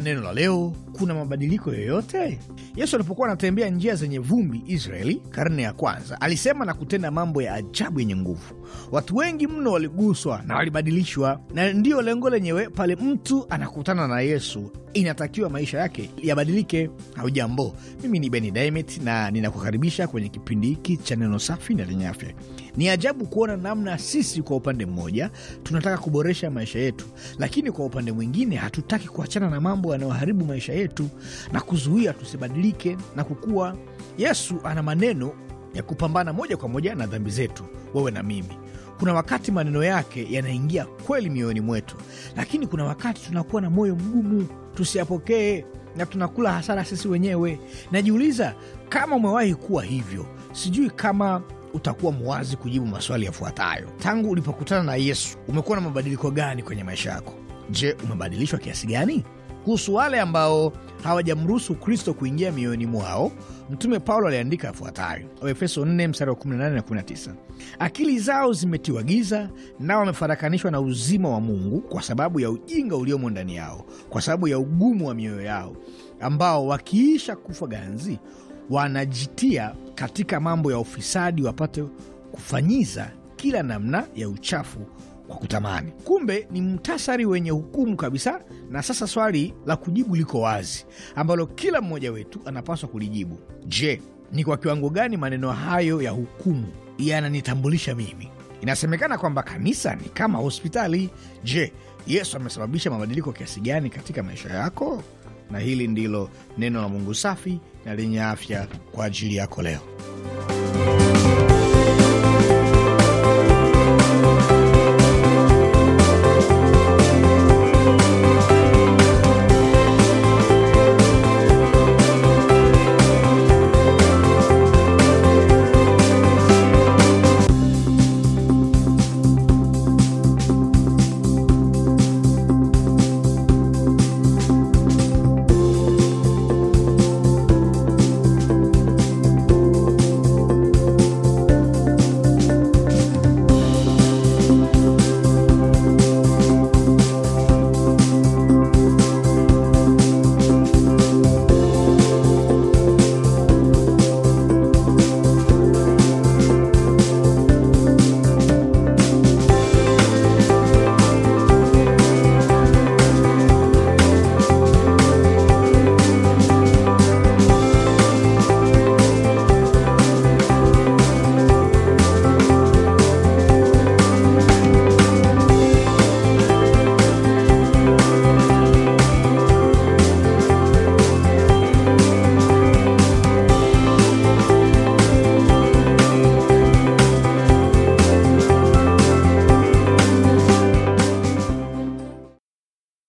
no la leo kuna mabadiliko yoyote? Yesu alipokuwa anatembea njia zenye vumbi Israeli karne ya kwanza, alisema na kutenda mambo ya ajabu yenye nguvu. Watu wengi mno waliguswa na walibadilishwa, na ndiyo lengo lenyewe. Pale mtu anakutana na Yesu, inatakiwa maisha yake yabadilike. Haujambo, mimi ni Beni Dimet na ninakukaribisha kwenye kipindi hiki cha neno safi na lenye afya. Ni ajabu kuona namna sisi kwa upande mmoja tunataka kuboresha maisha yetu, lakini kwa upande mwingine hatutaki kuachana na mambo yanayoharibu maisha yetu yetu na kuzuia tusibadilike na kukua. Yesu ana maneno ya kupambana moja kwa moja na dhambi zetu, wewe na mimi. Kuna wakati maneno yake yanaingia kweli mioyoni mwetu, lakini kuna wakati tunakuwa na moyo mgumu, tusiyapokee na tunakula hasara sisi wenyewe. Najiuliza kama umewahi kuwa hivyo. Sijui kama utakuwa mwazi kujibu maswali yafuatayo. Tangu ulipokutana na Yesu, umekuwa na mabadiliko gani kwenye maisha yako? Je, umebadilishwa kiasi gani? kuhusu wale ambao hawajamruhusu Kristo kuingia mioyoni mwao, Mtume Paulo aliandika yafuatayo: Waefeso 4 mstari wa 18 na 19, akili zao zimetiwa giza, nao wamefarakanishwa na uzima wa Mungu kwa sababu ya ujinga uliomo ndani yao, kwa sababu ya ugumu wa mioyo yao, ambao wakiisha kufa ganzi wanajitia katika mambo ya ufisadi, wapate kufanyiza kila namna ya uchafu kwa kutamani. Kumbe ni mtasari wenye hukumu kabisa. Na sasa swali la kujibu liko wazi, ambalo kila mmoja wetu anapaswa kulijibu. Je, ni kwa kiwango gani maneno hayo ya hukumu yananitambulisha mimi? Inasemekana kwamba kanisa ni kama hospitali. Je, Yesu amesababisha mabadiliko kiasi gani katika maisha yako? Na hili ndilo neno la Mungu safi na lenye afya kwa ajili yako leo.